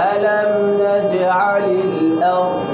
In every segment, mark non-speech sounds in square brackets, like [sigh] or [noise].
ألم نجعل الأرض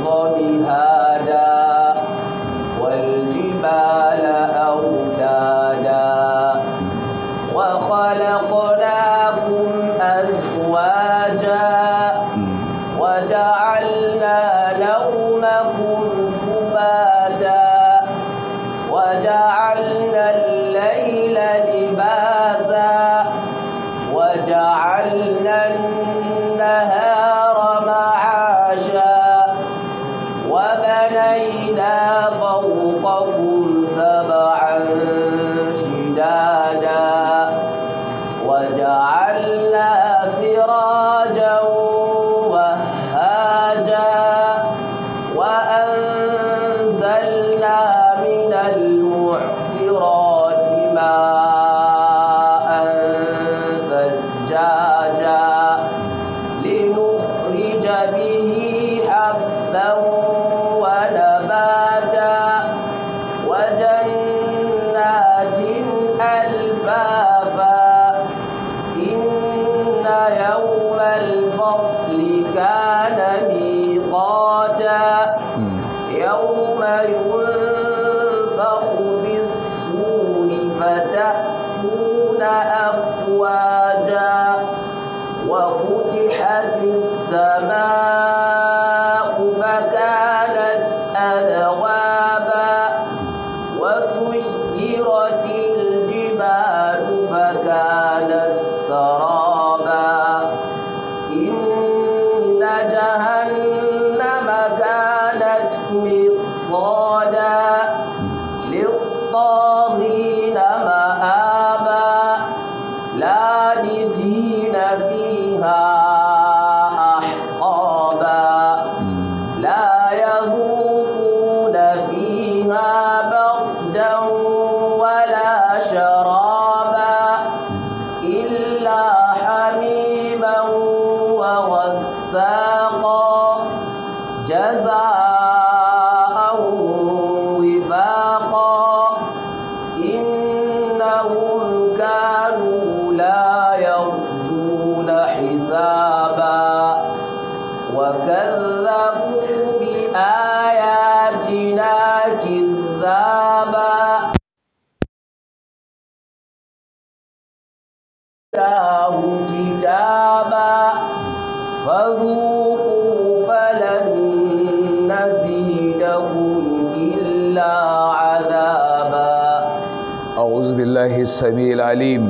السميع العليم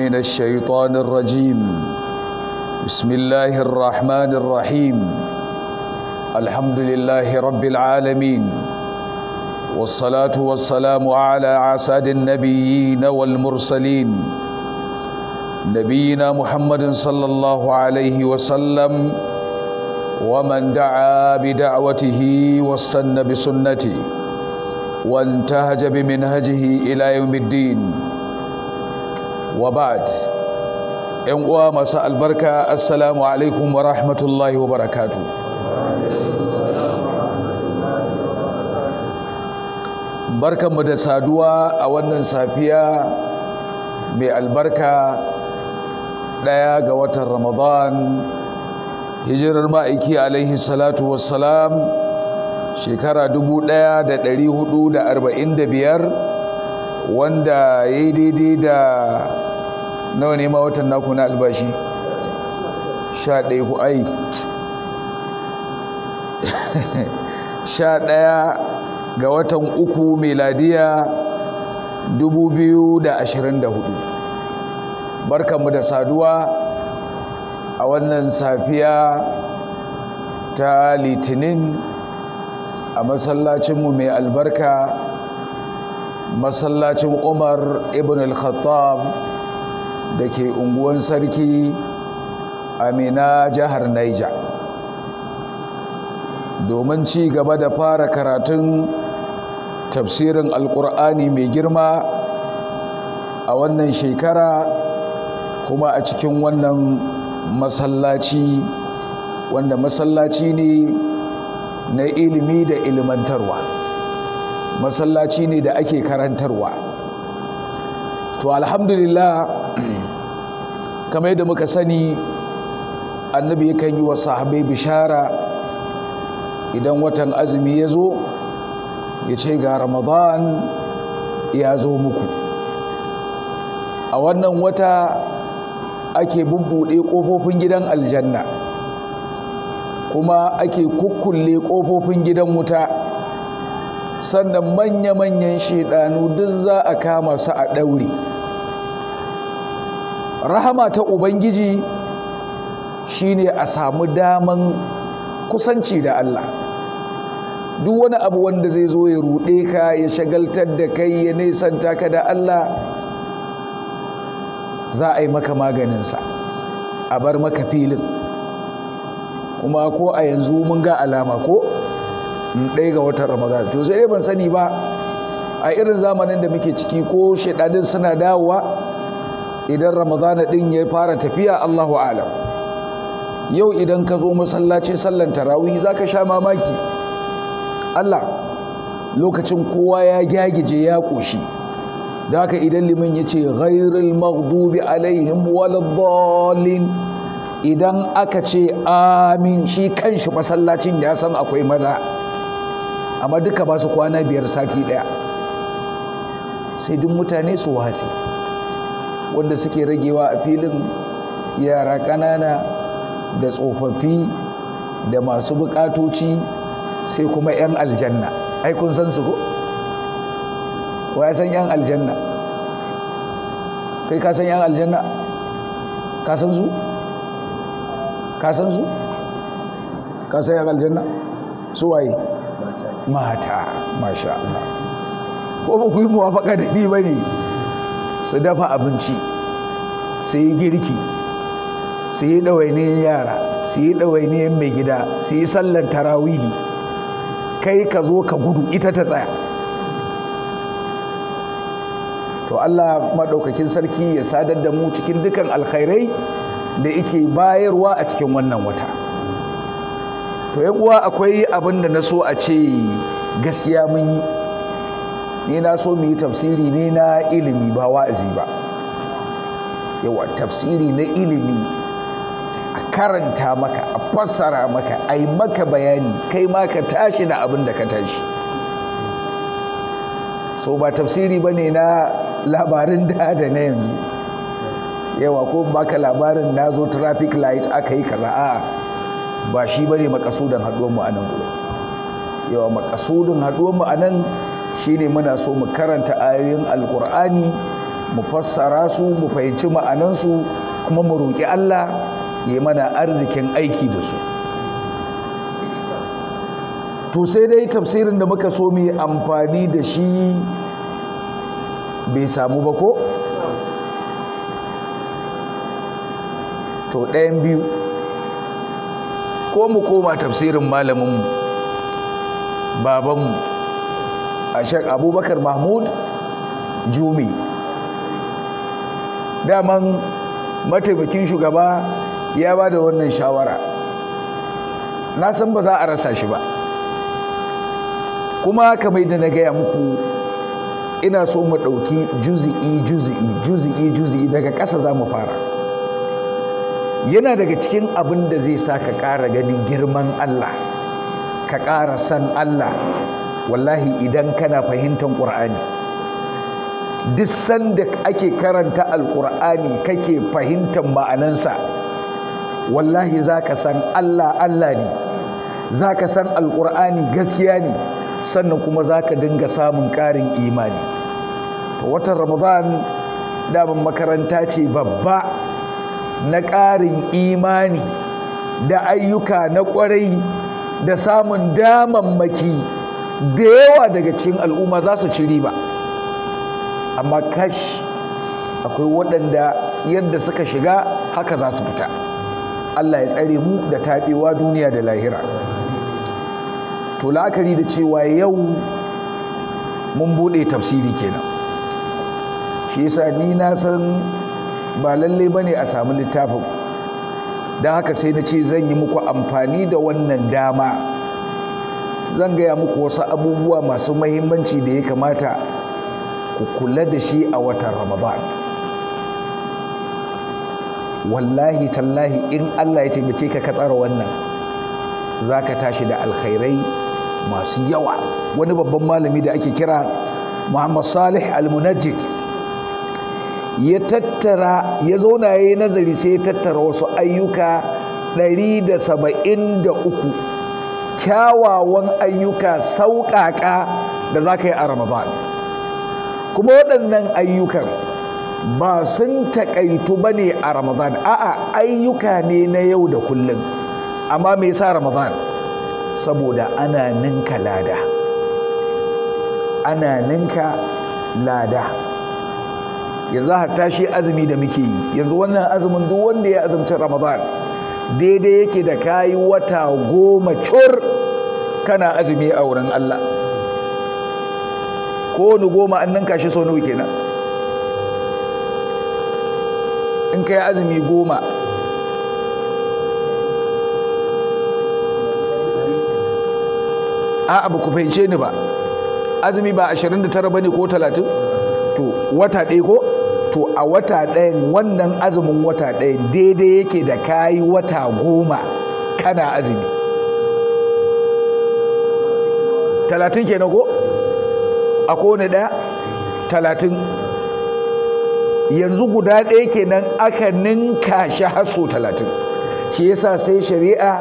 من الشيطان الرجيم بسم الله الرحمن الرحيم الحمد لله رب العالمين والصلاة والسلام على أسعد النبيين والمرسلين نبينا محمد صلى الله عليه وسلم ومن دعا بدعوته واستنى بسنته وانتهج بمنهجه إلى يوم الدين وبعد ‘yan uwa masu albarka assalamu alaikum wa rahmatullahi wa barakatu barkanmu da saduwa a wannan safiya mai albarka ɗaya ga watan ramadan hijirar ma'aiki alaihi salatu wassalam shekara 1445 wanda ya yi daidai da nawa ne ma watan naku na albashi 11 ku ai 11 [laughs] ga watan uku meladiya 2024 barkanmu da saduwa a wannan safiya ta litinin a masallacinmu mai albarka masallacin umar ibn al-khattab da ke unguwan sarki amina jihar naija domin ci gaba da fara karatun tafsirin alkur'ani mai girma a wannan shekara kuma a cikin wannan masallaci wanda masallaci ne na ilimi da ilimantarwa masallaci ne da ake karantarwa to alhamdulillah [clears throat] kamar yadda muka sani annabi kan yi wa sahabai bishara idan watan azumi ya zo ya ce ga ramadan ya zo muku a wannan wata ake bubbuɗe ƙofofin gidan aljanna kuma ake kukkulle ƙofofin gidan wuta sannan manya-manyan shaidanu duk za a kama su a ɗaure rahama ta ubangiji shine a samu daman kusanci da Allah duk wani abu wanda zai zo ya ruɗe ka ya shagaltar da kai ya nesanta ka da Allah za a yi maka maganinsa a bar maka filin kuma ko a yanzu mun ga alama ko mm, ɗaya ga watan ramadan to sai ban sani ba a irin zamanin da muke ciki ko shaɗaɗin suna dawowa idan ramadana ɗin ya fara tafiya allahu alam yau idan ka zo masallaci sallan tarawih za ka sha mamaki allah lokacin kowa ya gyagije ya ƙoshi da haka idan limin ya ce ghairul maghdubi alaihim waladdallin idan aka ce amin shi kanshi masallacin ya san akwai maza amma duka ba su kwana biyar sati daya sai duk mutane su wasi wanda suke ragewa a filin yara ƙanana da tsofaffi da masu bukatoci sai kuma 'yan aljanna ai kun san su ko wa san 'yan aljanna kai ka san 'yan aljanna ka san su ka san su ka san yan aljanna su waye mata masha Allah ko ba ku yi muwafaka da ni bane su dafa abinci su yi girki su yi ɗawainiyar yara su yi ɗawainiyar mai gida su yi sallar tarawihi kai ka zo ka gudu ita ta tsaya to Allah maɗaukakin sarki ya sadar da mu cikin dukan alkhairai da yake bayarwa a cikin wannan wata to yan uwa akwai abin da na so a ce gaskiya mun yi ni na so mu yi tafsiri ne na ilimi ba wa'azi ba yawa tafsiri na ilimi a karanta maka a fassara maka a yi maka bayani kai ma ka tashi na abin da ka tashi so ba tafsiri ba ne na labarin da da na yanzu yawa ko baka labarin na zo traffic light aka yi kaza a ba shi bane makasudin haduwar mu a gurin yawa makasudin haduwar mu a nan shine muna so mu karanta ayoyin alkur'ani mu fassara su mu fahimci su kuma mu roƙi Allah ya mana arzikin aiki da su to sai dai tafsirin da muka so mu yi amfani da shi bai samu ba ko to ɗayan biyu ko mu koma tafsirin malaminmu babanmu a shek abubakar mahmud jumi daman mataimakin shugaba ya ba da wannan shawara na san ba za a rasa shi ba kuma kamar da na gaya muku ina so mu ɗauki juzi'i juzi'i juzi'i juzi'i daga ƙasa za mu fara yana daga cikin abin da zai sa ka ƙara ganin girman Allah ka ƙara san Allah wallahi idan kana fahimtar ƙur'ani duk sanda ake karanta alƙur'ani kake fahimtar ma'anansa wallahi za ka san Allah Allah ne za ka san alƙur'ani gaskiya ne sannan kuma za ka dinga samun ƙarin imani watan ramadan daman makaranta ce babba na ƙarin imani da ayyuka na ƙwarai da samun damammaki da yawa daga cikin al'umma za su ci riba amma kashi akwai waɗanda yadda suka shiga haka za su fita Allah ya tsare mu da taɓewa duniya da lahira to la'akari da cewa yau mun buɗe tafsiri kenan shi yasa ni na san ba lalle ba ne a samu littafin don haka sai na ce zan yi muku amfani da wannan dama zan gaya muku wasu abubuwa masu mahimmanci da ya kamata ku kula da shi a watan ramadan wallahi tallahi in allah ya taimake ka ka tsara wannan za ka tashi da alkhairai masu yawa wani babban malami da ake kira muhammad salih al-munajjid ya tattara ya zauna ya yi nazari sai ya tattara wasu ayyuka 173 kyawawan ayyuka sauƙaƙa da za ka yi a ramadan kuma waɗannan ayyukan ba sun taƙaitu ba ne a ramadan a'a ayyuka ne na yau da kullum amma me sa ramadan saboda ana ninka lada ana ninka lada yanzu har shi azumi da muke yi yanzu wannan azumin duk wanda ya azumci ramadan daidai yake da kayi wata goma cur kana azumi a wurin Allah ko wani goma an ninka shi sau nawa kenan in kai azumi goma a abu ku fahimce ni ba azumi ba 29 bane ko 30 to wata ɗaya ko to a wata ɗayan wannan azumin wata ɗayan daidai yake da kayi wata goma kana azumi talatin ke ko a kone ɗaya talatin yanzu guda ɗaya kenan aka ninka shi haso talatin shi yasa sai shari'a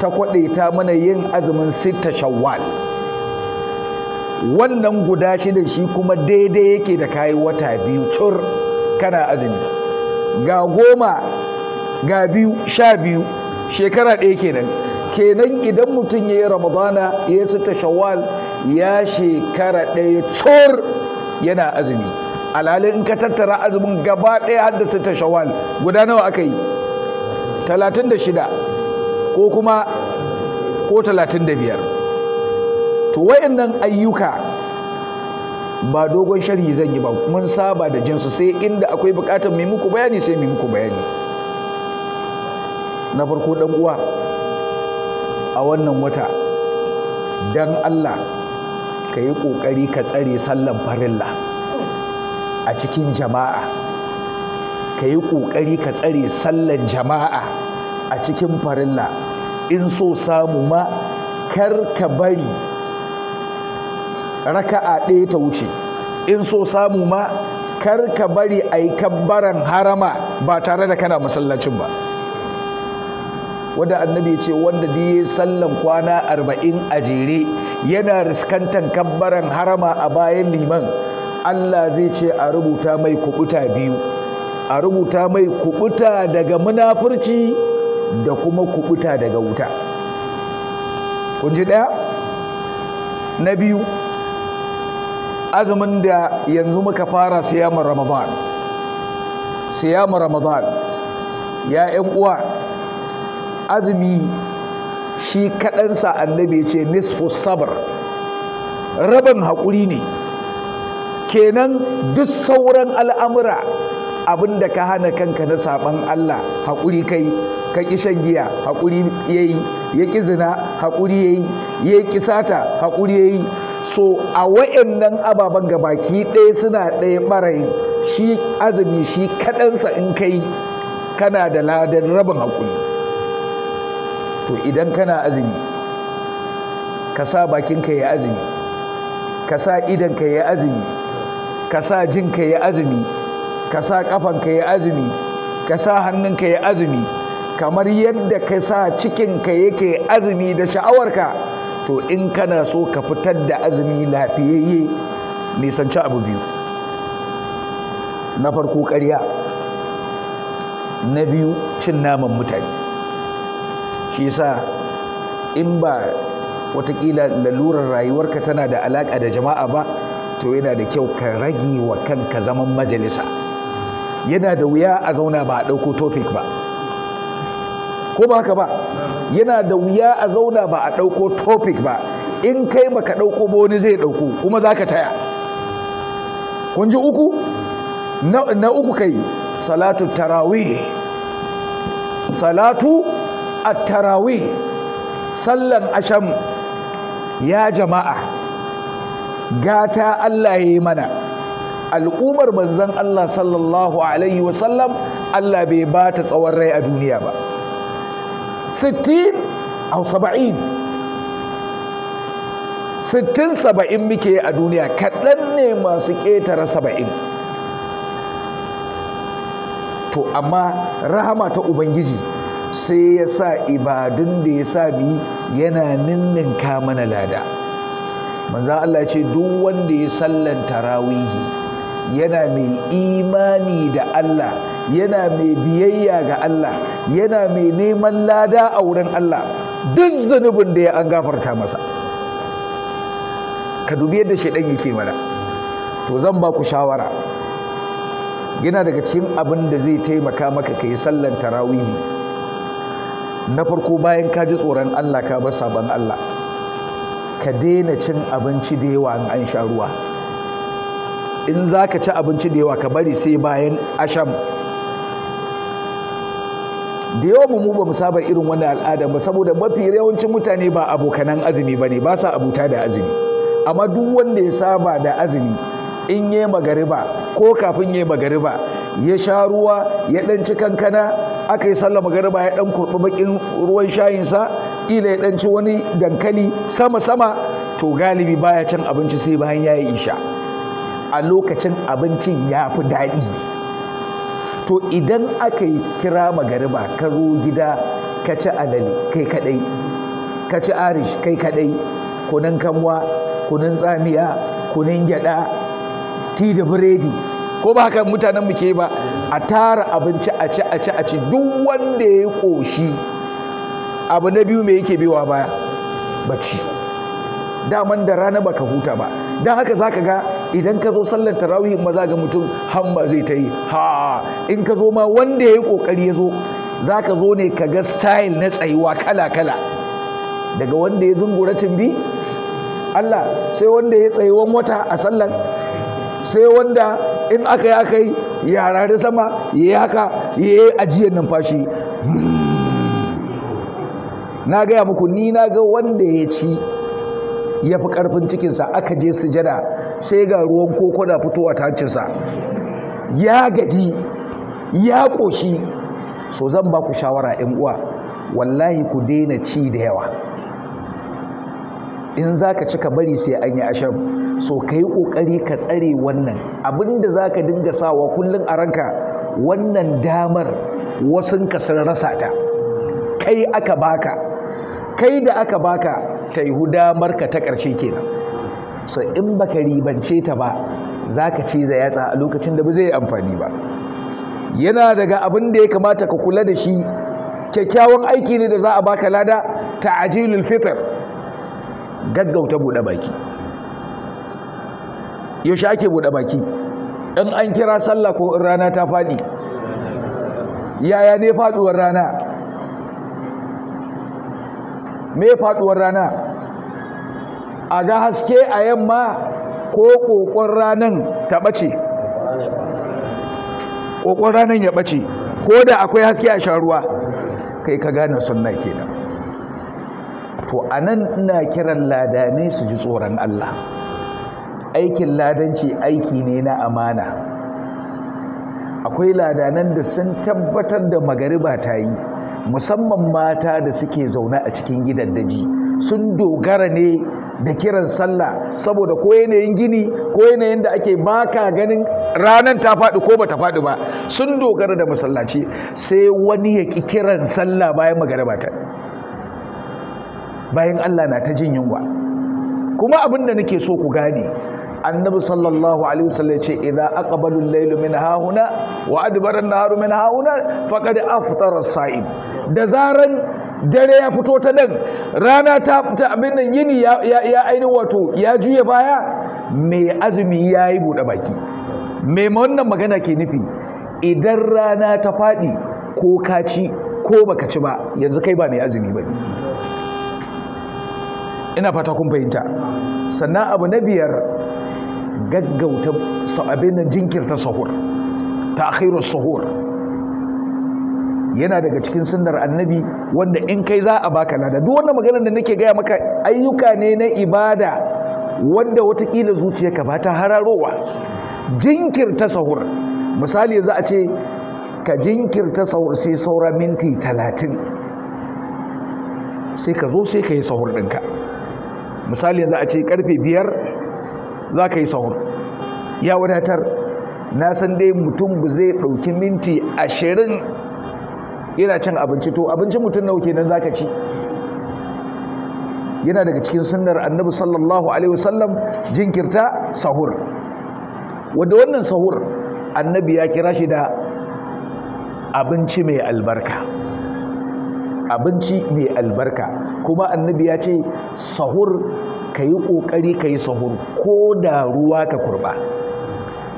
ta kwaɗaita mana yin azumin Sita shawwal wannan guda shida shi kuma daidai yake da kayi wata biyu cur kana azumi ga goma ga biyu sha biyu shekara ɗaya kenan kenan idan mutum ya yi ramadana ya sita shawwal ya shekara ɗaya cor yana azumi alhalin in ka tattara azumin gaba ɗaya har da sita shawwal guda nawa aka yi talatin da shida ko kuma ko talatin da biyar to wayannan ayyuka ba dogon sharhi zan yi ba mun saba da jinsu sai inda akwai bukatar mai muku bayani sai mai muku bayani na farko dan uwa a wannan wata dan Allah ka yi ƙoƙari ka tsare sallan farilla a cikin jama'a ka yi ƙoƙari ka tsare sallan jama'a a cikin farilla in so samu ma kar ka bari raka'a ɗaya ta wuce in so samu ma kar ka bari a yi kabbaran harama ba tare da kana masallacin ba wanda annabi ce wanda da ya sallan kwana arba'in a jere yana riskantan kabbaran harama a bayan liman allah zai ce a rubuta mai kubuta biyu a rubuta mai kubuta daga munafurci da kuma kubuta daga wuta kun ji ɗaya na biyu azumin da yanzu muka fara siyamar ramadan siyamar ramadan ya yan uwa azumi shi kaɗansa annabi ce nisfu sabr rabin haƙuri ne kenan duk sauran al'amura abin da ka hana kanka na saɓan Allah haƙuri kai ka ƙi shan giya haƙuri ya yi ya ƙi zina haƙuri ya yi ya ƙi sata haƙuri ya yi so a wa'annan ababen gabaki ɗaya suna ɗaya ɓarayin shi azumi shi kaɗansa in kai kana da ladan rabin haƙuri to idan kana azumi ka sa bakinka ya azumi ka sa idanka ya azumi ka sa jinka ya azumi ka sa ƙafanka ya azumi ka sa hannunka ya azumi kamar yadda ka sa cikinka yake azumi da sha'awarka to in kana so ka fitar da azumi lafiyayye nisanci abu biyu na farko ƙarya na biyu cin naman mutane shi sa in ba watakila lalurar rayuwarka tana da alaƙa da jama'a ba to yana da kyau ka rage wa kanka zaman majalisa yana da wuya a zauna ba a ɗauko topic ba ko ba haka ba yana da wuya a zauna ba a ɗauko topic ba in kai baka ɗauko ba wani zai ɗauko kuma za ka taya kun ji uku na uku kai salatu tarawih salatu a tarawih sallan asham ya jama'a gata Allah ya yi mana al'ummar manzon Allah sallallahu alaihi wasallam Allah bai ba ta tsawon rai a duniya ba 60 au 70 sittin saba'in muke a duniya kaɗan ne masu ƙetare saba'in to amma rahama ta ubangiji sai ya sa ibadun da ya sa bi yana ninninka mana lada manzan Allah ce duk wanda ya sallan tarawihi yana mai imani da Allah yana mai biyayya ga Allah yana mai neman lada a wurin Allah duk zunubin da ya an gafarta masa ka dubi yadda shaidan yake mana to zan ba ku shawara yana daga cikin abin da zai taimaka maka ka yi sallan tarawihi na farko bayan ka ji tsoron Allah ka bar sabon Allah ka daina cin abinci da yawa in an sha ruwa in za ka ci abinci da yawa ka bari sai bayan asham da yawan mu ba mu saba irin wannan al'ada ba saboda mafi yawancin mutane ba abokanan azumi ba ne ba sa abuta da azumi amma duk wanda ya saba da azumi in yi magariba ko kafin yi magariba ya sha ruwa ya dan ci kankana aka yi sallah magariba ya dan kurbi bakin ruwan shayinsa ila ya dan ci wani dankali sama sama to galibi baya cin abinci sai bayan yayi isha a lokacin abincin ya fi daɗi to idan aka yi kira magariba ka zo gida ka ci alale kai kadai ka ci arish kai kadai kunun kamwa kunun tsamiya kunun gyada ti da biredi ko ba haka mutanen muke ba a tara abinci a ci a ci a ci duk wanda ya koshi abu na biyu me yake biwa ba bacci daman da rana baka huta ba don haka zaka ga idan ka zo sallar tarawih maza za ga mutum hamma zai ta yi ha in ka zo ma wanda ya yi kokari ya zo za ka zo ne ka ga style na tsayuwa kala kala daga wanda ya zungura bi? Allah sai wanda ya tsayuwan wata a sallar, sai wanda in aka yi aka yi yara da sama ya yi haka ya yi ajiyar numfashi na gaya muku ni na ga wanda ya ci ya fi ƙarfin cikinsa aka je sujada sai ga ruwan koko da fitowa ta hancinsa ya gaji ya ƙoshi so zan ba ku shawara ‘yan uwa wallahi ku daina ci da yawa in za ka cika bari sai an yi asham so ka yi ƙoƙari ka tsare wannan abinda za ka dinga sawa kullum a ranka wannan damar wasun ka sun rasa ta kai aka baka kai da aka baka ta yi damar ka ta ƙarshe kenan so in baka ribance ta ba za ka ce za yatsa a lokacin da ba zai amfani ba yana daga abin da ya kamata ka kula da shi kyakkyawan aiki ne da za a baka lada ta ajiyar fitar gaggauta buɗe baki yaushe ake buɗe baki in an kira sallah ko in rana ta faɗi yaya ne faɗuwar rana me faɗuwar rana a ga haske a yamma ko kokon ranan ta ɓace kokon ranan ya ɓace ko da akwai haske a sha ruwa kai ka gane sunna kenan to anan ina kiran ladanai su ji tsoron Allah aikin ladanci aiki ne na amana akwai ladanan da sun tabbatar da magariba ta yi musamman mata da suke zaune a cikin gidan daji sun dogara ne da kiran sallah saboda ko yanayin gini ko yanayin da ake baka ganin ranar ta faɗi ko bata faɗi ba sun dogara da masallaci sai wani ya ki kiran sallah bayan magariba ta bayan Allah na ta jin yunwa kuma abin da nake so ku gane annabi sallallahu alaihi wasallam ya ce idza aqbalu al min hahuna wa adbara an-naharu min hahuna faqad aftara as-sa'im da zaran dare ya fito ta nan rana ta abin nan yini ya ainihin wato ya juya baya mai azumi ya yi buɗe baki mai wannan magana ke nufi idan rana ta faɗi ko ka ci ko baka ci ba yanzu kai ba mai azumi ba ina fata kun fahimta sannan abu na biyar gaggauta abin nan jinkirta sahur ta sahur yana daga cikin sunnar annabi wanda in kai za a baka lada duk wannan maganar da nake gaya maka ayyuka ne na ibada wanda watakila zuciyarka ba ta hararowa jinkirta sahur misali za a ce ka jinkirta sahur sai saura minti talatin sai ka zo sai ka yi sahur ɗinka misali za a ce karfe biyar za ka yi sahur ya wadatar na san dai mutum ba zai ɗauki minti ashirin yana cin abinci to abinci mutum nawa kenan zaka ci yana daga cikin sunnar annabi sallallahu alaihi wasallam jinkirta sahur wanda wannan sahur annabi ya kira shi da abinci mai albarka abinci mai albarka kuma annabi ya ce sahur ka yi ƙoƙari ka sahur ko da ruwa ka kurɓa.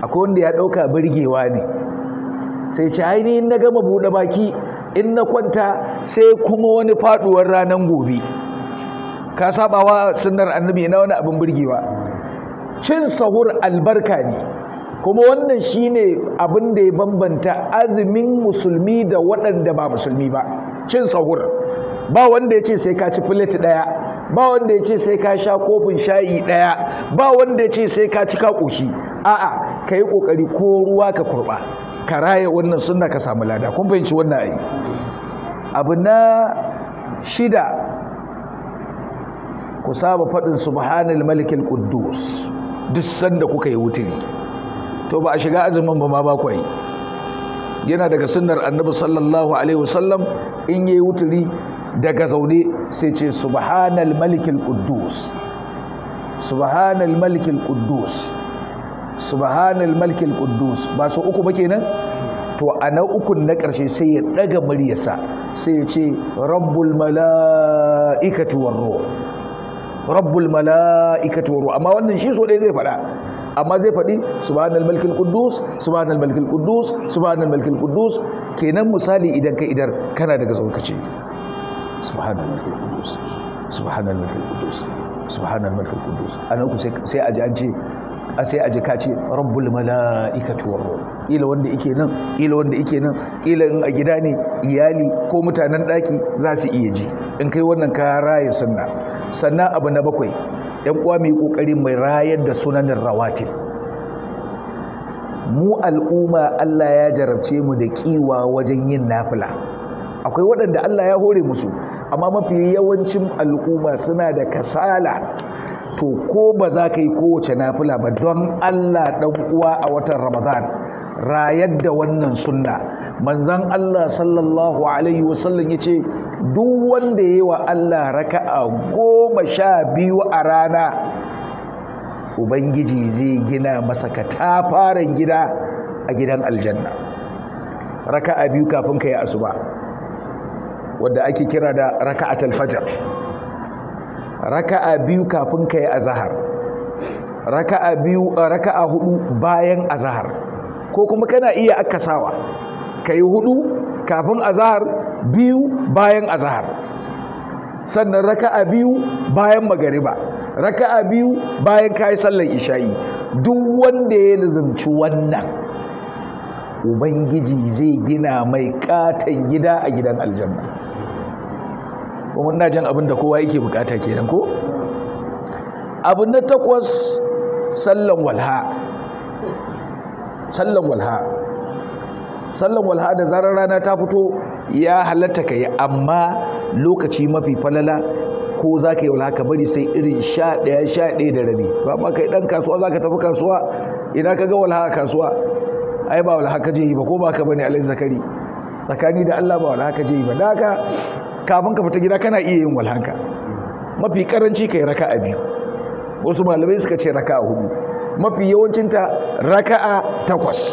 akwai wanda ya ɗauka birgewa ne sai ce ainihin na gama buɗe baki in na kwanta sai kuma wani faduwar ranar gobe ka sabawa sunnar annabi na wani abin burgewa cin sahur albarka ne kuma wannan shine abin da ya bambanta azumin musulmi da waɗanda ba musulmi ba cin sahur ba wanda ya ce sai ka ci fileti ɗaya ba wanda ya ce sai ka sha kofin shayi ɗaya ba wanda ya ce sai ka ci ka ƙoshi a'a ka yi ƙoƙari ko ruwa ka kurɓa ka raya wannan sunna ka samu lada kun fahimci wannan ayi abu na shida ku saba faɗin subhanal malikil quddus duk sanda kuka yi wuturi to ba a shiga azumin ba ma ba ku yana daga sunnar annabi sallallahu alaihi wasallam in yayi wuturi daga zaune sai ce subhanal malikil quddus subhanal malikil quddus subhanal malikil quddus ba so uku ba kenan to a na ukun na ƙarshe sai ya ɗaga muryarsa sai ya ce rabbul mala'ikatu war ruh rabbul mala'ikatu war ruh amma wannan shi so dai zai faɗa amma zai faɗi subhanal malikil quddus subhanal malikil quddus subhanal malikil quddus kenan misali idan ka idar kana daga zaukaci subhanal malikil quddus subhanal malikil quddus subhanal malikil quddus anan ku sai a ji an ce a sai a ji ka ce rabbul mala'ikatu war ruh ila wanda yake nan ila wanda yake nan ila in a gida ne iyali ko mutanen daki za su iya ji in kai wannan ka raye sunna sannan abu na bakwai yan uwa mai kokari mai rayar da sunanin rawatib mu al'umma Allah ya jarabce mu da kiwa wajen yin nafila akwai waɗanda Allah ya hore musu amma mafi yawancin al'umma suna da kasala to ko ba za ka yi kowace nafila ba don Allah ɗan uwa a watan Ramadan rayar da wannan sunna manzan Allah sallallahu alaihi wasallam ya ce duk wanda ya yi wa Allah raka'a goma sha biyu a rana Ubangiji zai gina masa katafaren gida a gidan aljanna raka'a biyu kafin ka yi asuba wadda ake kira da raka'atul fajr raka'a biyu kafin kai azhar raka'a biyu eh, raka'a hudu bayan azhar ko kuma kana iya akasawa kai hudu kafin azhar biyu bayan azhar sannan raka'a biyu bayan magariba raka'a biyu bayan kayi sallar isha'i duk wanda ya nazumci wannan ubangiji zai gina mai katon gida a gidan aljanna kuma ina jan abin da kowa yake bukata kenan ko Abun na takwas sallan walha sallan walha sallan walha da zarar rana ta fito ya halatta ka yi amma lokaci mafi falala ko za ka yi walha ka bari sai irin sha ɗaya sha ɗaya da rabi ba ma kai ɗan kasuwa za ka tafi kasuwa ina ka ga walha a kasuwa ai ba walha ka je yi ba ko ba ka bane alai zakari tsakani da allah ba walha ka je yi ba da haka kafin ka fita gida kana iya yin walhanka mafi karanci kai raka'a biyu wasu malamai suka ce raka'a hudu mafi yawancinta raka'a takwas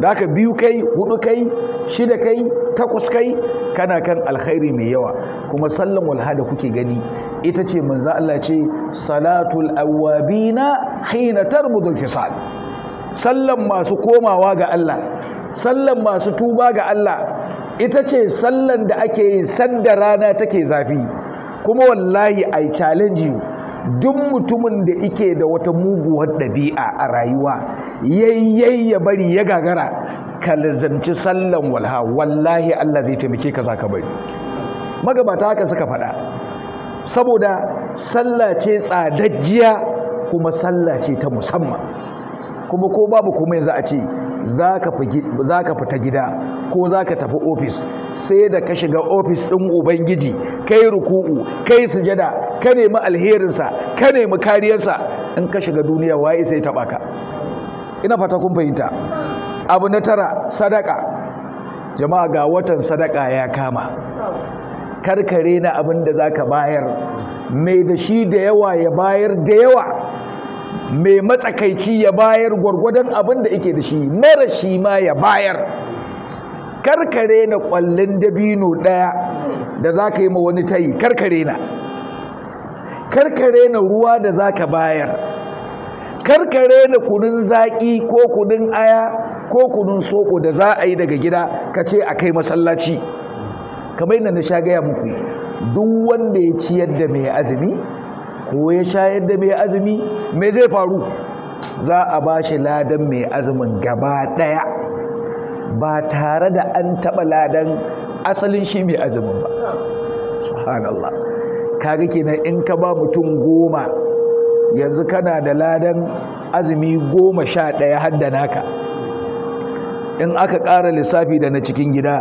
da aka biyu kai hudu kai shida kai takwas kai kana kan alkhairi mai yawa kuma sallan walha da kuke gani ita ce manzo Allah ce salatul awabina hina tarmudul fisal sallan masu komawa ga Allah sallan masu tuba ga Allah ita ce sallan da ake yi sanda rana take zafi kuma wallahi ai challenge you duk mutumin da ike da wata muguwar ɗabi'a a rayuwa yayyay ya bari ya gagara ka lazanci sallan walha wallahi Allah zai taimake ka za ka bari magabata haka suka faɗa saboda sallah ce tsadajjiya kuma sallah ce ta musamman kuma ko babu kuma yanzu a ce za ka fita gida ko za ka tafi ofis sai da ka shiga ofis ɗin ubangiji kai ruku'u kai sujada ka nemi alherinsa ka nemi kariyarsa in ka shiga duniya waye sai taɓa ka ina fata kun fahimta abu na tara sadaka jama'a ga watan sadaka ya kama karkare na abin da za ka bayar mai da shi da yawa ya bayar da yawa mai matsakaici ya bayar gwargwadon abin da yake da shi mara shi ma ya bayar karkare na kwallon dabino ɗaya da za ka yi ma wani tayi karkare na karkare na ruwa da za ka bayar karkare na kunun zaƙi ko kunun aya ko kunun soko da za a yi daga gida ka ce a kai masallaci kamar yadda na sha gaya muku duk wanda ya ciyar da mai azumi ko ya shayar da mai azumi mai zai faru za a ba shi ladan mai azumin gaba ɗaya ba tare da an taɓa ladan asalin shi mai azumin ba subhanallah kaga kenan in ka ba mutum goma yanzu kana da ladan azumi goma sha ɗaya hadda naka in aka ƙara lissafi da na cikin gida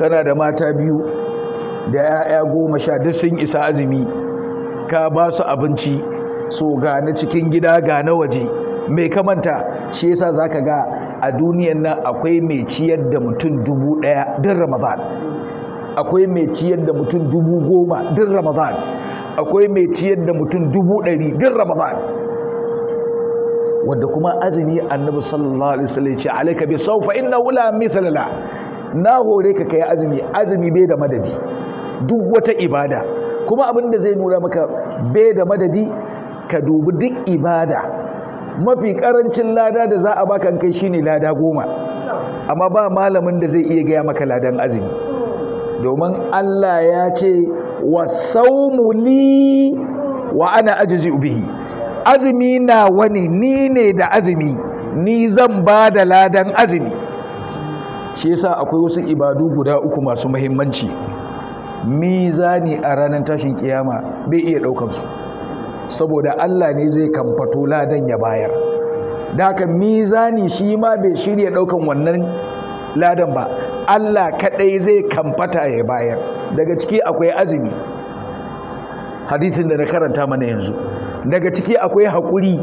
kana da mata biyu da 'ya'ya goma sha duk sun isa azumi ka ba su abinci so ga na cikin gida ga na waje mai kamanta shi yasa ka ga a duniyan nan akwai mai ciyar da mutum dubu ɗaya din ramadan akwai mai ciyar da mutum dubu goma din ramadan akwai mai ciyar da mutum dubu ɗari din ramadan Wadda kuma azumi annabi sallallahu alaihi wasallam ce alaika bi sawfa inna wala mithlala na hore ka kai azumi azumi bai da madadi duk wata ibada kuma abin da zai nuna maka bai da madadi ka dubi duk ibada mafi karancin lada da za a baka kai shine lada goma amma ba malamin da zai iya gaya maka ladan azumi domin Allah ya ce wa saumu li wa ana ajzi bihi azumi na wani ni ne da azumi ni zan ba da ladan azumi shi yasa akwai wasu ibadu guda uku masu muhimmanci mizani a ranar tashin kiyama bai iya ɗaukar su saboda Allah ne zai kamfato ladan ya bayar da haka mizani shi ma bai shirya ɗaukan wannan ladan ba Allah kaɗai zai kamfata ya bayar daga ciki akwai azumi hadisin da na karanta mana yanzu daga ciki akwai haƙuri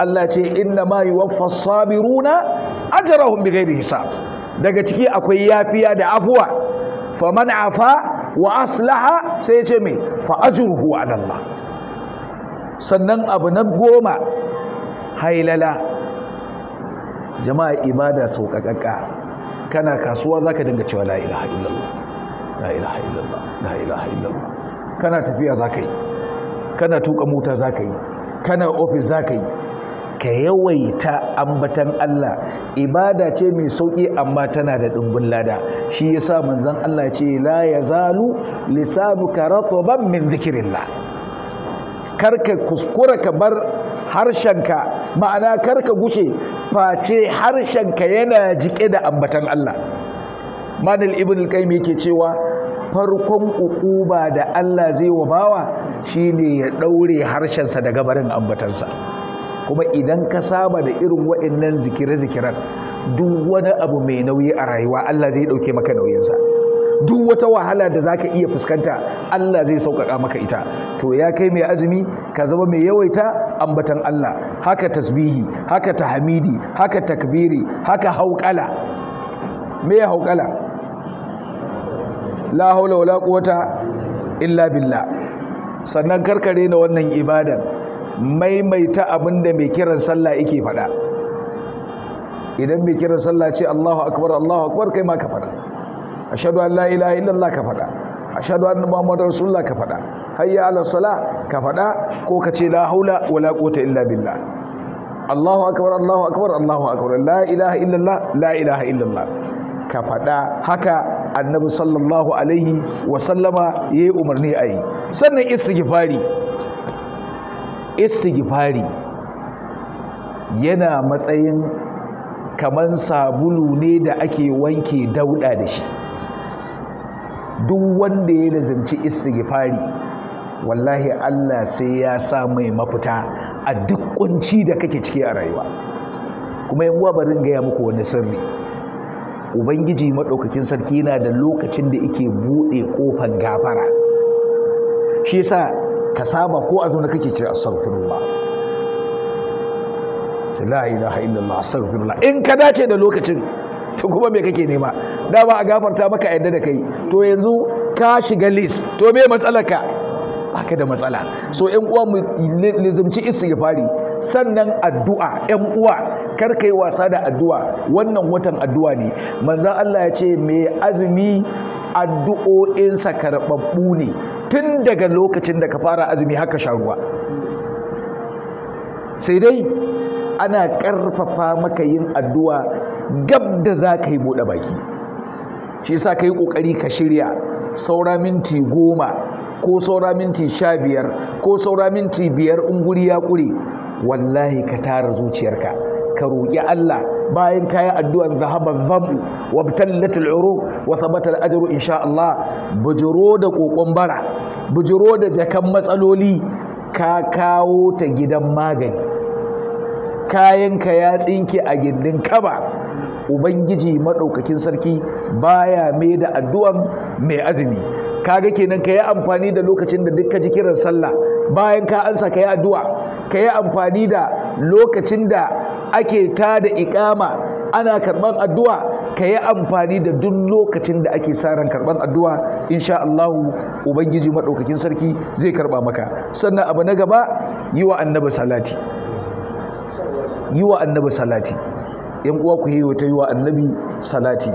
Allah ce inna ma yuwaffa sabiruna bigai da hisab daga ciki akwai yafiya da afuwa faman afa wa aslaha sai ya ce mai fa ajruhu ala Allah sannan abu na goma hailala jama'a ibada sauƙaƙaƙa kana kasuwa zaka dinga cewa la ilaha illallah la ilaha illallah kana tafiya zaka yi kana tuka mota zaka yi kana ofis zaka yi ka yawaita ambatan Allah ibada ce mai sauƙi amma tana da ɗumbin lada shi yasa manzan Allah ce la ya zalu lisanuka ratban min dhikrillah karka kuskura ka bar harshenka ma'ana karka guce face harshen ka yana jike da ambatan Allah manil ibn al-qayyim yake cewa farkon ukuba da Allah zai wa bawa shine ya daure harshensa daga barin ambatansa kuma idan ka saba da irin waɗannan zikire-zikiren duk wani abu mai nauyi a rayuwa Allah zai ɗauke maka nauyinsa duk wata wahala da za ka iya fuskanta Allah zai sauƙaƙa maka ita to ya kai mai azumi ka zama mai yawaita ambatan Allah haka tasbihi haka tahmidi haka takbiri haka hauƙala me ya hauƙala la haula wala quwata illa billah sannan karkare na wannan ibadan maimaita abin da mai kiran sallah yake faɗa idan mai kiran sallah ce Allahu akbar Allahu akbar kai ma ka faɗa ashhadu an la ilaha illallah ka faɗa ashhadu anna muhammadar rasulullah ka faɗa hayya ala sala ka faɗa ko ka ce la haula wala quwwata illa billah Allahu akbar Allahu akbar Allahu akbar la ilaha illallah la ilaha illallah ka faɗa haka annabi sallallahu alaihi wa sallama yayi umarni ayi sannan istighfari istighfari yana matsayin kamar sabulu ne da ake wanke dauda da shi duk wanda ya lazimci istighfari wallahi Allah sai ya sa mai mafita a duk kunci da kake ciki a rayuwa kuma yan uwa bari gaya muku wani sirri ubangiji maɗaukakin sarki yana da lokacin da yake buɗe ƙofar gafara shi yasa ka saba ko a zaune kake ce astaghfirullah la ilaha illallah astaghfirullah in ka dace da lokacin to kuma me kake nema da ba a gafarta maka yadda da kai to yanzu ka shiga list to me ka? baka da matsala so yan uwa mu lizumci istighfari sannan addu'a yan uwa kar kai wasa da addu'a wannan watan addu'a ne manzon Allah ya ce me azumi addu'o'insa karɓaɓɓu ne tun daga lokacin da ka fara azumi haka sha ruwa sai dai ana ƙarfafa maka yin addu'a gab da za ka yi buɗe baki shi sa ka yi ƙoƙari ka shirya saura minti goma ko saura minti sha biyar ko saura minti biyar in guri ya ƙure wallahi ka tara zuciyarka ka roƙi Allah bayan kayan addu'ar zahaba zamu wabtallatul uru wa sabatar ajiru ajru insha Allah bujiro da kokon bara bujiro da jakan matsaloli ka kawo ta gidan magani kayanka ya tsinke a gindin kaba ubangiji madaukakin sarki baya mai da addu'an mai azumi kaga kenan ka yi amfani da lokacin da duk ka ji kiran sallah bayan ka ansa ka yi addu'a ka yi amfani da lokacin da ake tada ikama ana karban addu'a ka yi amfani da duk lokacin da ake sa ran karban addu'a insha Allah ubangiji madaukakin sarki zai karɓa maka sannan abu na gaba yi wa annabi salati yi wa annabi salati yan uwa ku yi wata yi wa annabi salati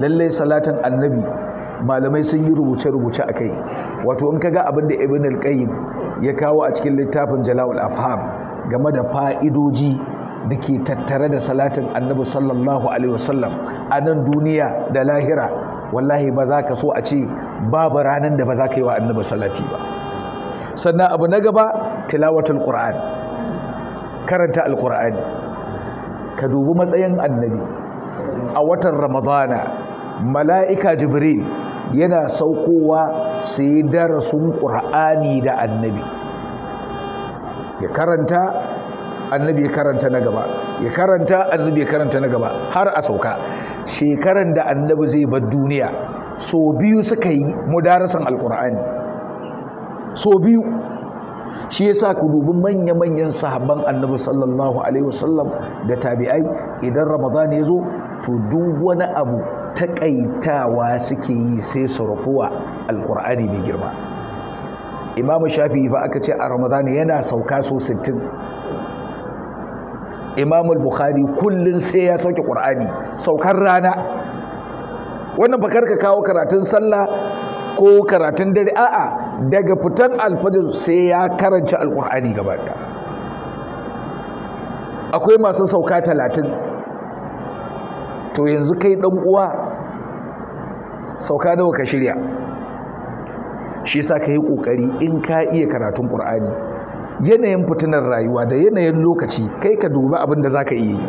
lallai salatin annabi malamai sun yi rubuce-rubuce a kai wato in ka ga abin da ibn al-qayyim ya kawo a cikin littafin jala'ul afham game da fa'idoji da ke tattare da salatin annabi sallallahu alaihi wasallam a nan duniya da lahira wallahi ba za ka so a ce babu ranar da ba za ka yi wa annabi salati ba sannan abu na gaba tilawatul qur'an karanta alqur'ani ka dubi matsayin annabi a watan ramadana mala'ika jibril yana saukowa sai darasin qur'ani da annabi ya karanta annabi ya karanta na gaba ya karanta annabi karanta na gaba har a sauka shekaran da annabi zai bar duniya so biyu suka yi mudarasan alkur'ani so biyu shi yasa ku dubi manya-manyan sahabban annabi sallallahu alaihi wasallam da tabi'ai idan ramadan ya zo to duk wani abu takaitawa suke yi sai su rufuwa alkur'ani mai girma imamu shafi fa aka ce a ramadan yana sauka so 60 imamu bukhari kullun sai ya sauke qur'ani saukar rana wannan bakar ka kawo karatun sallah ko karatun dare a'a daga fitan alfajir sai ya karanci alqur'ani gaba ɗaya akwai masu sauka talatin to yanzu kai ɗan uwa sauka nawa ka shirya shi yasa ka yi ƙoƙari in ka iya karatun ƙur'ani yanayin fitinar rayuwa da yanayin lokaci kai ka dubi abin da za ka iya yi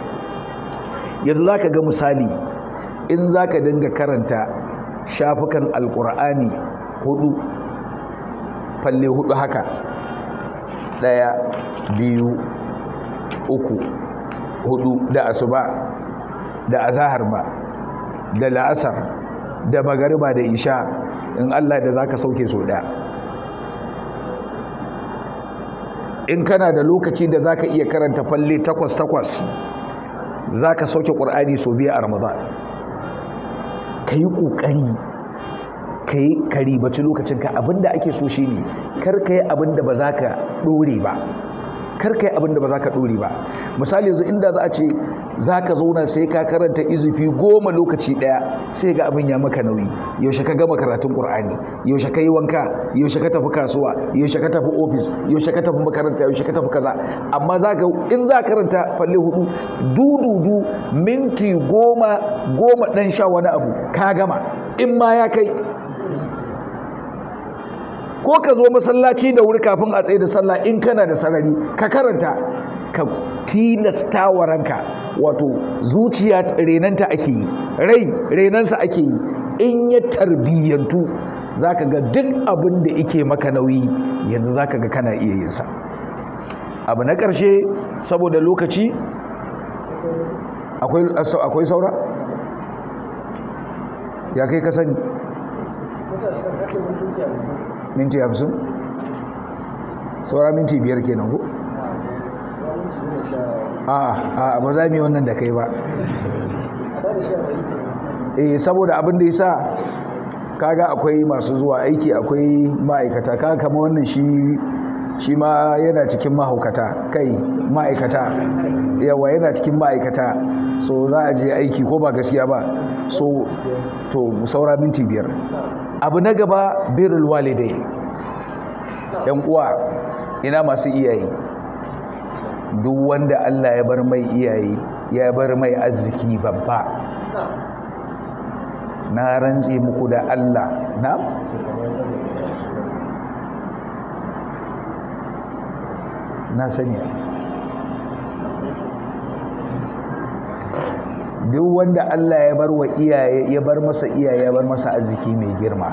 yanzu za ka ga misali in za ka dinga karanta shafukan alƙur'ani hudu falle hudu haka ɗaya biyu uku hudu da asuba da azahar ba da la'asar da magariba da isha in Allah da za ka sauke so ɗaya in kana da lokaci da za ka iya karanta falle takwas takwas za ka sauke ƙur'ani so biya a Ramadan kayi kokari kai karibaci lokacinka abinda ake so shine kar ka abin da ba za ka ɗore ba kar kai abin da ba za ka ɗore ba misali yanzu inda za a ce za ka zauna sai ka karanta izufi goma lokaci ɗaya sai ga abin ya maka nauyi yaushe ka gama karatun ƙur'ani yaushe ka yi wanka yaushe ka tafi kasuwa yaushe ka tafi ofis yaushe ka tafi makaranta yaushe ka tafi kaza amma za ka in za karanta falle hudu dududu minti goma goma ɗan sha wani abu ka gama in ma ya kai ko ka zo masallaci da wuri kafin a tsaye da sallah in kana da sarari ka karanta ka tilasta wa ranka wato zuciya renanta ake yi rai renansa ake yi in ya tarbiyyantu za ka ga duk abin da yake maka nauyi yanzu za ka ga kana iya yin sa abu na ƙarshe saboda lokaci akwai saura ya kai ka sani minti hamsin saura minti biyar kenan ko a ba za mu yi wannan da kai ba eh saboda abin da yasa kaga akwai masu zuwa aiki akwai ma'aikata kaga kama wannan shi shi ma yana cikin mahaukata kai ma'aikata yawa yana cikin ma'aikata so za a je aiki ko ba gaskiya ba so to saura minti biyar abu na gaba birul walidai yan uwa ina masu iyaye duk wanda Allah ya bar mai iyaye ya bar mai arziki babba na rantse muku da Allah na na sani duk wanda Allah ya bar wa iyaye ya bar masa iyaye ya bar masa arziki mai girma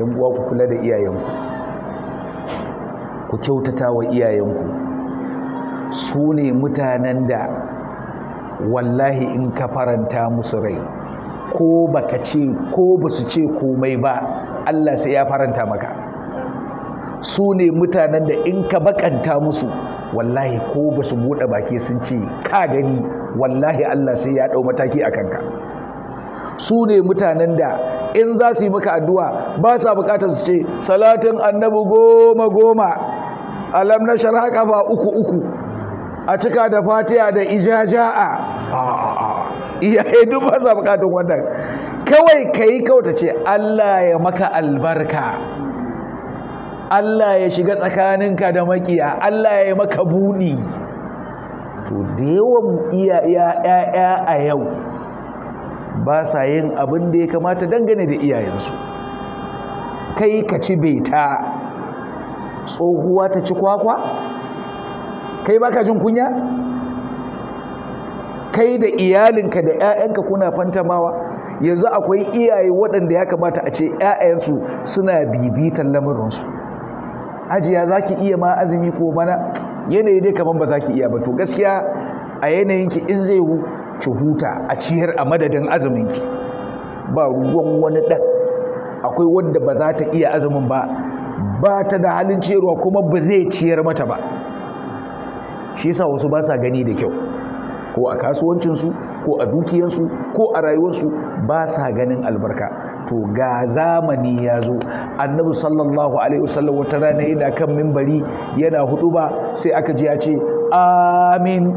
dan uwa ku kula da iyayenku ku kyautata wa iyayenku su ne mutanen da wallahi in ka faranta musu rai ko baka ce ko basu ce komai ba Allah sai ya faranta maka su ne mutanen da in ka bakanta musu wallahi ko ba su buɗe baki sun ce ka gani wallahi Allah sai ya ɗau mataki a kanka su ne mutanen da in za su yi maka addu'a ba sa bukatar su ce salatin annabi goma goma alam na sharaka ba uku uku a cika da fatiya da ijaja'a iyaye duk ba sa bukatar wannan kawai ka yi kauta ce Allah ya maka albarka Allah ya shiga tsakaninka da makiya Allah ya maka buni to da yawan iyaye a yau ba sa yin abin da ya kamata dangane da iyayensu kai ka ci beta tsohuwa ta ci kwakwa kai baka jin kunya kai da iyalinka da 'ya'yanka kuna fantamawa yanzu akwai iyaye waɗanda ya kamata a ce 'ya'yansu suna bibitan lamurinsu ajiya za ki iya ma azumi ko mana yanayi dai kamar ba za ki iya ba to gaskiya a yanayinki in zai ki huta a ciyar a madadin azuminki ba ruwan wani ɗan akwai wanda ba za ta iya azumin ba ba ta da halin ciyarwa kuma ba zai ciyar mata ba shi yasa wasu ba sa gani da kyau ko a kasuwancinsu ko a dukiyansu ko a rayuwarsu ba sa ganin albarka to ga zamani ya zo annabi sallallahu alaihi wasallam wata rana yana kan mimbari yana hudu ba sai aka ji ya ce amin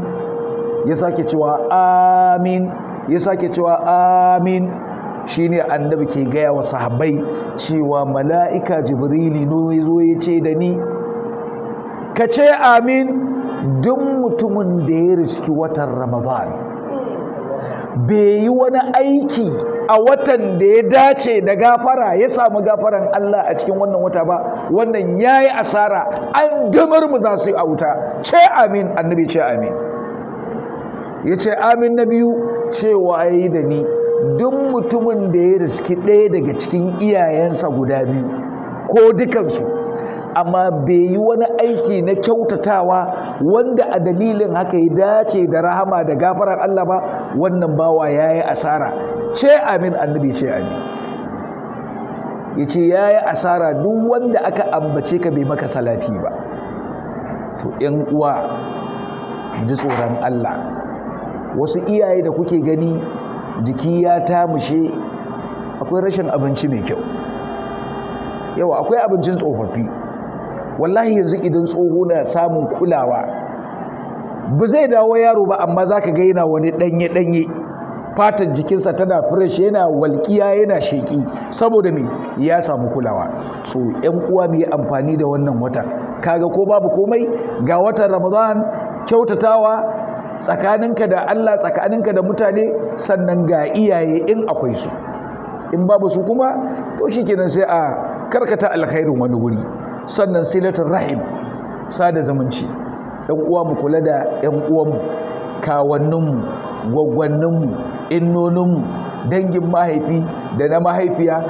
ya sake cewa amin ya sake cewa amin shine annabi ke gaya wa sahabbai cewa mala'ika jibrili no ya zo ya ce da ni ka ce amin duk mutumin da ya riski watan ramadan bai yi wani aiki a watan da ya dace da gafara ya samu gafaran Allah a cikin wannan wata ba wannan ya yi asara an damar mu za su yi a wuta ce amin annabi ce amin ya ce amin na biyu cewa ya yi da ni duk mutumin da ya riski ɗaya daga cikin iyayensa guda biyu ko dukansu amma bai yi wani aiki na kyautatawa wanda a dalilin haka ya dace da rahama da gafarar Allah ba wannan bawa ya yi asara ce amin annabi ce amin ya ce ya yi asara duk wanda aka ambace ka bai maka salati ba to ‘yan uwa ji tsoron Allah wasu iyaye da kuke gani jiki ya tamushe akwai rashin abinci mai kyau yawa akwai abincin tsofaffi wallahi yanzu idan tsoho na samun kulawa ba zai dawo yaro ba amma za ka gaina wani ɗanye-ɗanye fatan jikinsa tana fresh yana walƙiya yana sheƙi saboda me ya samu kulawa so yan uwa mai amfani da wannan wata kaga ko babu komai ga watan ramadan kyautatawa tsakaninka da Allah tsakaninka da mutane sannan ga iyaye in akwai su in babu su kuma to kenan sai a karkata alkhairin wani guri sannan silatul rahim sada zumunci Yan uwa mu kula da yan uwanmu kawanninmu gwaggwanninmu mu, dangin mahaifi da na mahaifiya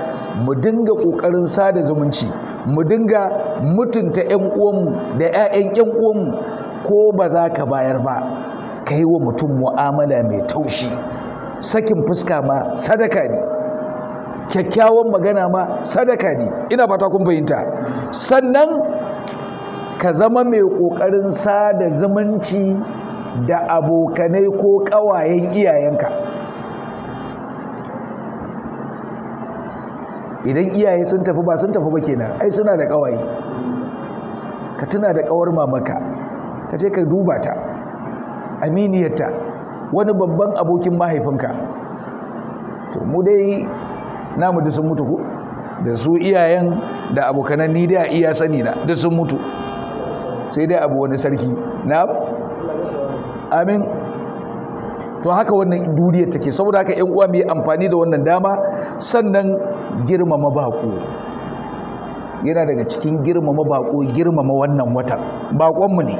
mu dinga ƙoƙarin sada zumunci mu dinga mutunta 'yan uwanmu da 'ya'yan 'yan uwanmu ko ba za ka bayar ba ka yi wa mutum mu'amala mai taushi sakin fuska ma sadaka ne kyakkyawan magana ma sadaka ne ina fata kun fahimta sannan ka zama mai ƙoƙarin sada zumunci da abokanai ko ƙawayen iyayenka idan iyaye sun tafi ba sun tafi ba kenan ai suna da ƙawaye ka tuna da ƙawar mamaka ka je ka duba ta aminiyarta wani babban abokin mahaifinka to mu dai namu da sun mutu ku da su iyayen da abokanan ni da iya sani na da sun mutu sai dai abu wani sarki na amin to haka wannan duniya take saboda haka yan uwa mu yi amfani da wannan dama sannan girmama bako yana daga cikin girmama bako girmama wannan watan bakon mu ne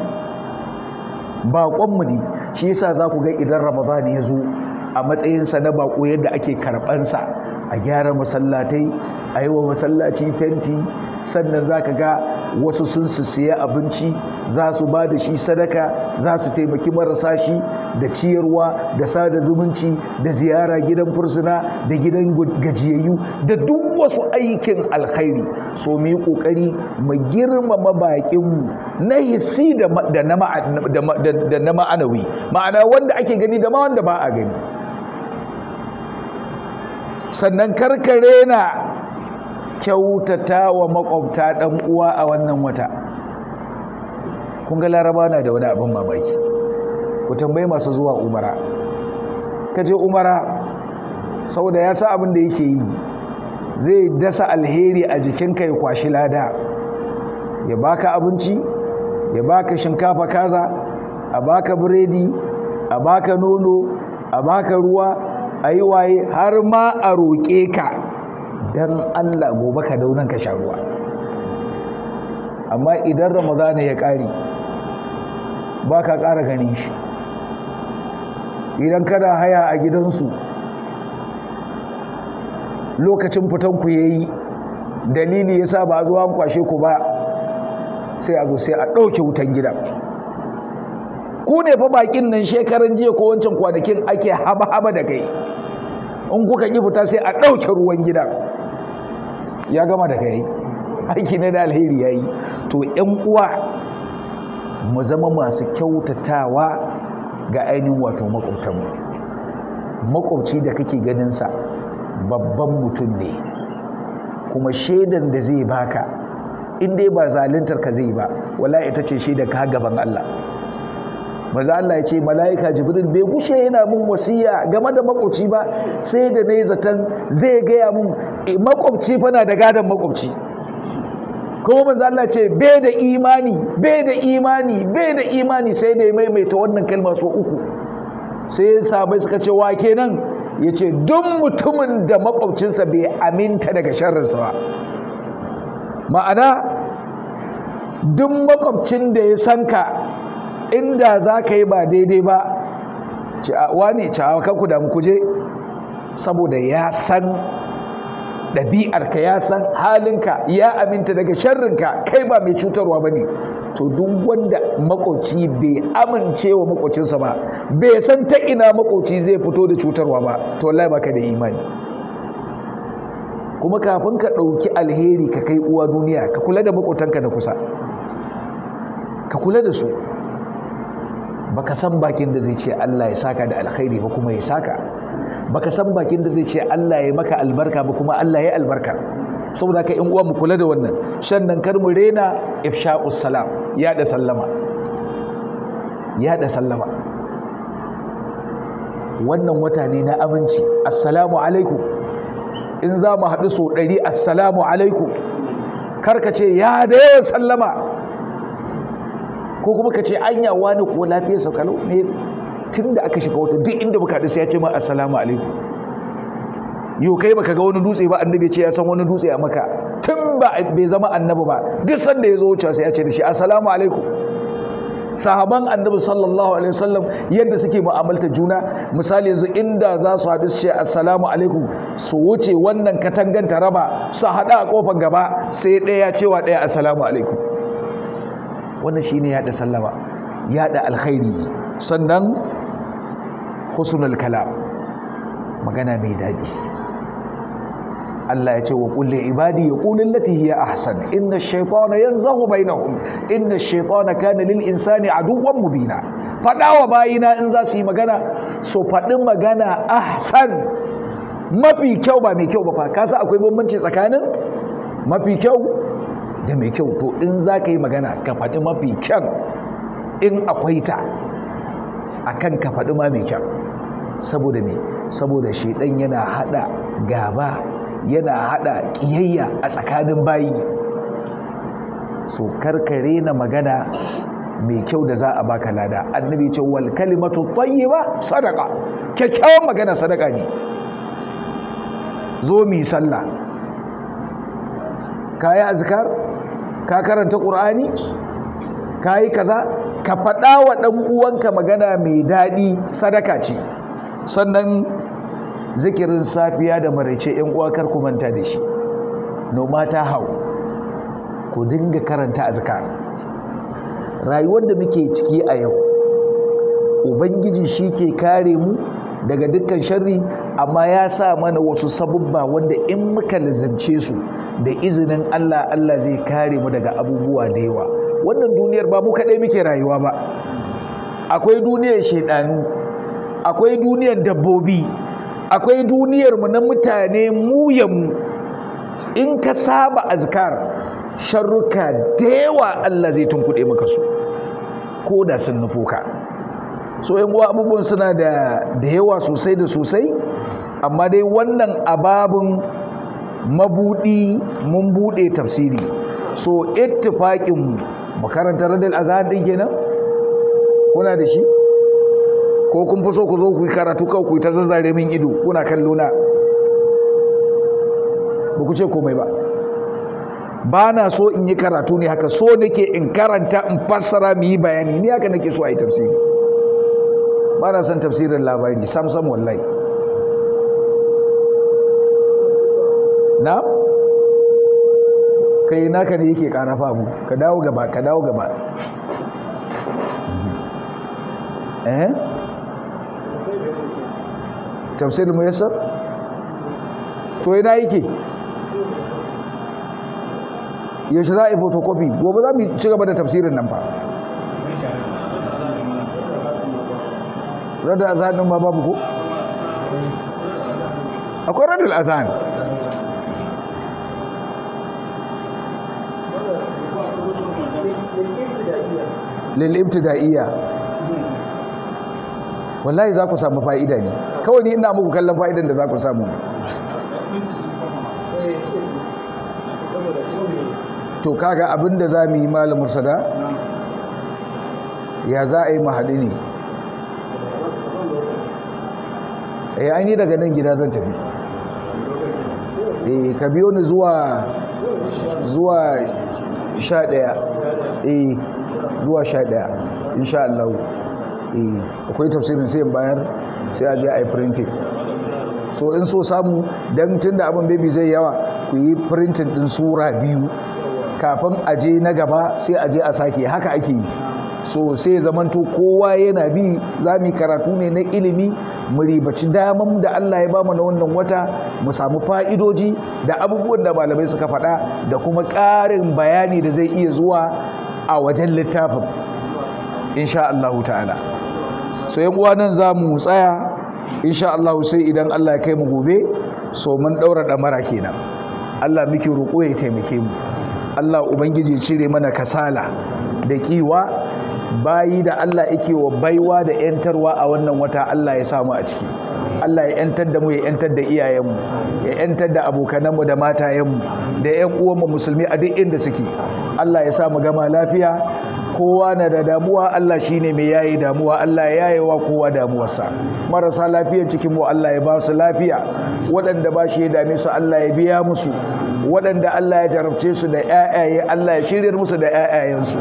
bakon mu ne shi yasa za ku ga idan ramadan ya zo a matsayin sa na bako yadda ake karban sa a gyara masallatai a yi wa masallaci fenti sannan zaka ga wasu sun su siya abinci za su ba da shi sadaka za su taimaki marasa shi da ciyarwa da sada zumunci da ziyara gidan fursuna da gidan gajiyayyu da duk wasu aikin alkhairi so mu yi ƙoƙari mu girmama baƙinmu na hisi da na ma'anawi ma'ana wanda ake gani da ma wanda ba a gani sannan karkare na kyautata wa makwabta ɗan uwa a wannan wata kun laraba na da wani abin mamaki ku tambayi masu zuwa umara ka je umara saboda ya sa abin da yake yi zai dasa alheri a jikinka ya kwashi lada ya baka abinci ya baka shinkafa kaza a baka biredi a baka nono a baka ruwa a yi waye har ma a roƙe ka Idan allah gobe ka daunan ka sha ruwa amma idan ramadana ya ƙari ba ka ƙara ganin shi idan kana haya a gidansu lokacin fitanku ya yi dalili ya sa ba zuwa kwashe ku ba sai a zo sai a ɗauke wutan gida ku ne fa bakin nan shekaran jiya ko wancan kwanakin ake haba-haba da kai in kuka ƙi fita sai a ɗauke ruwan gida ya gama da kai aiki na da alheri ya yi to yan uwa mu zama masu kyautatawa ga ainihin wato makwabtanmu makwabci da kake ganinsa babban mutum ne kuma shaidan da zai baka in dai ba zaluntar ka zai ba wala ita ce shaidar ka gaban Allah maza Allah ya ce mala'ika jibril bai gushe yana mun wasiya game da makwabci ba sai da na zaton zai gaya mun eh, makwabci fana da gadon makwabci kuma maza Allah ce bai da imani bai da imani bai da imani sai da ya maimaita wannan kalma so uku sai sabai suka ce wa kenan ya ce duk mutumin da makwabcinsa bai aminta daga sharrinsa ba ma'ana duk makwabcin da ya sanka inda za ka yi ba daidai ba wane ci'awa kanku da mu kuje saboda ya san ɗabi'arka ya san halinka ya aminta daga sharrinka kai ba mai cutarwa ba ne to duk wanda makoci bai amince wa makocinsa ba bai san ta ina makoci zai fito da cutarwa ba to wallahi baka da imani kuma kafin ka ɗauki alheri ka kai uwa duniya ka kula da makotanka da kusa ka kula da su baka san bakin da zai ce Allah ya saka da alkhairi ba kuma ya saka baka san bakin da zai ce Allah ya maka albarka ba kuma Allah ya albarka saboda ka in uwa mu kula da wannan shan nan kar mu rena ifsha'us salam ya da sallama ya da sallama wannan wata ne na aminci assalamu alaikum in za mu haɗu so ɗari assalamu alaikum ka ce ya da yawan sallama ko kuma ka ce anya wani ko lafiyar sa kalau ne tun da aka shiga wata duk inda muka haɗu sai ya ce ma assalamu alaikum yau kai baka ga wani dutse ba annabi ya ce ya san wani dutse a maka tun ba bai zama annabi ba duk sanda ya zo wuce sai ya ce da shi assalamu alaikum sahaban annabi sallallahu alaihi wasallam yadda suke mu'amalta juna misali yanzu inda za su haɗu su ce assalamu alaikum su wuce wannan katangan taraba su haɗa a kofar gaba sai ɗaya cewa ɗaya assalamu alaikum wannan shine yada sallama yada alkhairi sannan husnul kalam magana mai daɗi Allah ya ce wa qul li ibadi yaqulu allati hiya ahsan inna ash-shaytana yanzahu bainahum inna ash-shaytana kana lil insani aduwwan mubina fada bayina in za su yi magana so faɗin magana ahsan mafi kyau ba mai kyau ba fa kasa akwai bambanci tsakanin mafi kyau da mai kyau to in za ka yi magana ka faɗi mafi kyan in akwai ta a kan ka faɗi ma mai kyan saboda me saboda shaidan yana haɗa gaba yana haɗa ƙiyayya a tsakanin bayi so karkare na magana mai kyau da za a baka lada annabi ce wal kalimatu tayyiba sadaqa kyakkyawan magana sadaka ne zo mi sallah kayi azkar ka karanta ƙur'ani ka yi kaza ka faɗa wa ɗan uwanka magana mai daɗi sadaka ce sannan zikirin safiya da maraice ‘yan uwa manta da shi no mata hau ku dinga karanta azkar rayuwar da muke ciki a yau ubangiji shi ke kare mu daga dukkan sharri amma ya sa mana wasu sabubba wanda in muka lazimce su da izinin Allah Allah zai kare mu daga abubuwa da yawa wannan duniyar ba mu kaɗai muke rayuwa ba akwai duniyar shaidanu akwai duniyar dabbobi akwai duniyar mu na mutane mu in ka saba azkar sharruka da yawa Allah zai tunkuɗe maka su ko da sun nufo ka so yan uwa abubuwan suna da yawa sosai da sosai amma dai wannan ababin mabudi mun bude tafsiri so mu. makarantar radul azhar din kenan kuna da shi ko kun fi so ku zo ku yi karatu kawai ku yi ta zazzare min ido kuna kallo na ba ku ce komai ba ba na so in yi karatu ne haka so nake in karanta in fassara mu yi bayani ni haka nake so a yi tafsiri ba na son tafsirin labari sam sam wallahi na kai naka ne yake karafa mu ka dawo gaba ka dawo gaba mhm. eh tafsir muyassar to ina yake yaushe za a yi photocopy gobe za mu ci gaba da tafsirin nan ba radar azanin ma babu ko akwai radar azan lil wallahi za ku samu fa'ida ne kawai ni ina muku kallon fa'idan da za ku samu to kaga abinda za mu yi malamar mursada ya za a yi mahaɗi ne ya eh, anyi daga nan gida zan tafi eh ka biyo ni zuwa zuwa sha ɗaya eh zuwa sha ɗaya insha Allah eh, akwai tafsirin sai in bayar sai a je a yi printing so in so samu don tun da abin baby zai yawa ku yi printing din sura biyu kafin a je na gaba sai a je a sake haka ake yi so sai zamanto kowa yana bi za mu karatu ne na ilimi mu ribaci daman da Allah ya bamu na wannan wata mu samu fa'idoji da abubuwan da malamai suka faɗa da kuma ƙarin bayani da zai iya zuwa a wajen littafin insha Allah ta'ala so yan uwa nan za mu tsaya insha Allah sai idan Allah ya kai mu gobe so mun daura damara kenan Allah muke roƙo ya taimake mu Allah ubangiji cire mana kasala da kiwa bayi da Allah yake wa baiwa da yantarwa a wannan wata Allah ya samu a ciki Allah ya yantar da mu ya yantar da iyayenmu ya yantar da abokananmu da matayenmu da yan uwanmu musulmi a duk inda suke Allah ya sa mu gama lafiya kowa na da damuwa Allah shine mai yayi damuwa Allah ya yi wa kowa damuwarsa marasa lafiya cikin mu Allah ya ba su lafiya waɗanda ba shi ya dame su Allah ya biya musu waɗanda Allah ya jarabce su da ƴaƴaye Allah ya shiryar musu da ƴaƴayensu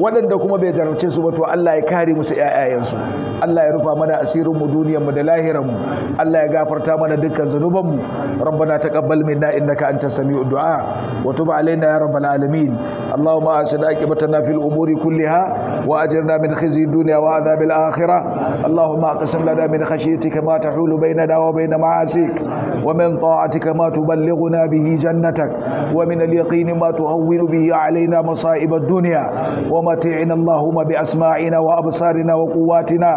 waɗanda kuma bai jarabce su ba to Allah ya kare musu ƴaƴayensu Allah ya rufa mana asirin mu duniyar mu da lahirar mu Allah ya gafarta mana dukkan zanuban mu ربنا تقبل منا انك انت السميع الدعاء وتب علينا ya رب العالمين اللهم اعسنا عاقبتنا في الامور كلها وأجرنا من خزي الدنيا وعذاب الآخرة اللهم أقسم لنا من خشيتك ما تحول بيننا وبين معاصيك ومن طاعتك ما تبلغنا به جنتك ومن اليقين ما تهون به علينا مصائب الدنيا ومتعنا اللهم بأسماعنا وأبصارنا وقواتنا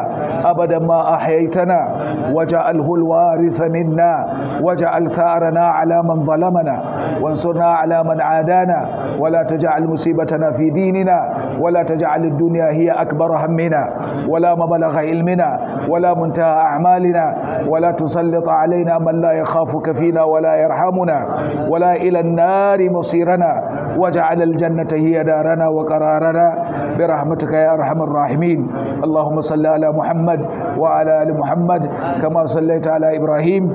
أبدا ما أحييتنا وجعله الوارث منا وجعل ثارنا على من ظلمنا وانصرنا على من عادانا ولا تجعل مصيبتنا في ديننا ولا ولا تجعل الدنيا هي أكبر همنا ولا مبلغ علمنا ولا منتهى أعمالنا ولا تسلط علينا من لا يخافك فينا ولا يرحمنا ولا إلى النار مصيرنا واجعل الجنة هي دارنا وقرارنا برحمتك يا أرحم الراحمين اللهم صل على محمد وعلى آل محمد كما صليت على إبراهيم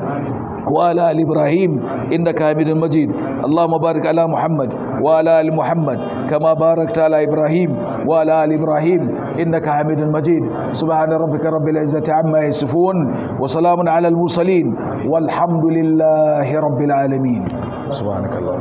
وعلى آل إبراهيم إنك حميد مجيد اللهم بارك على محمد وعلى آل محمد كما باركت على إبراهيم وعلى آل إبراهيم إنك حميد مجيد سبحان ربك رب العزة عما يصفون وسلام على المرسلين والحمد لله رب العالمين سبحانك اللهم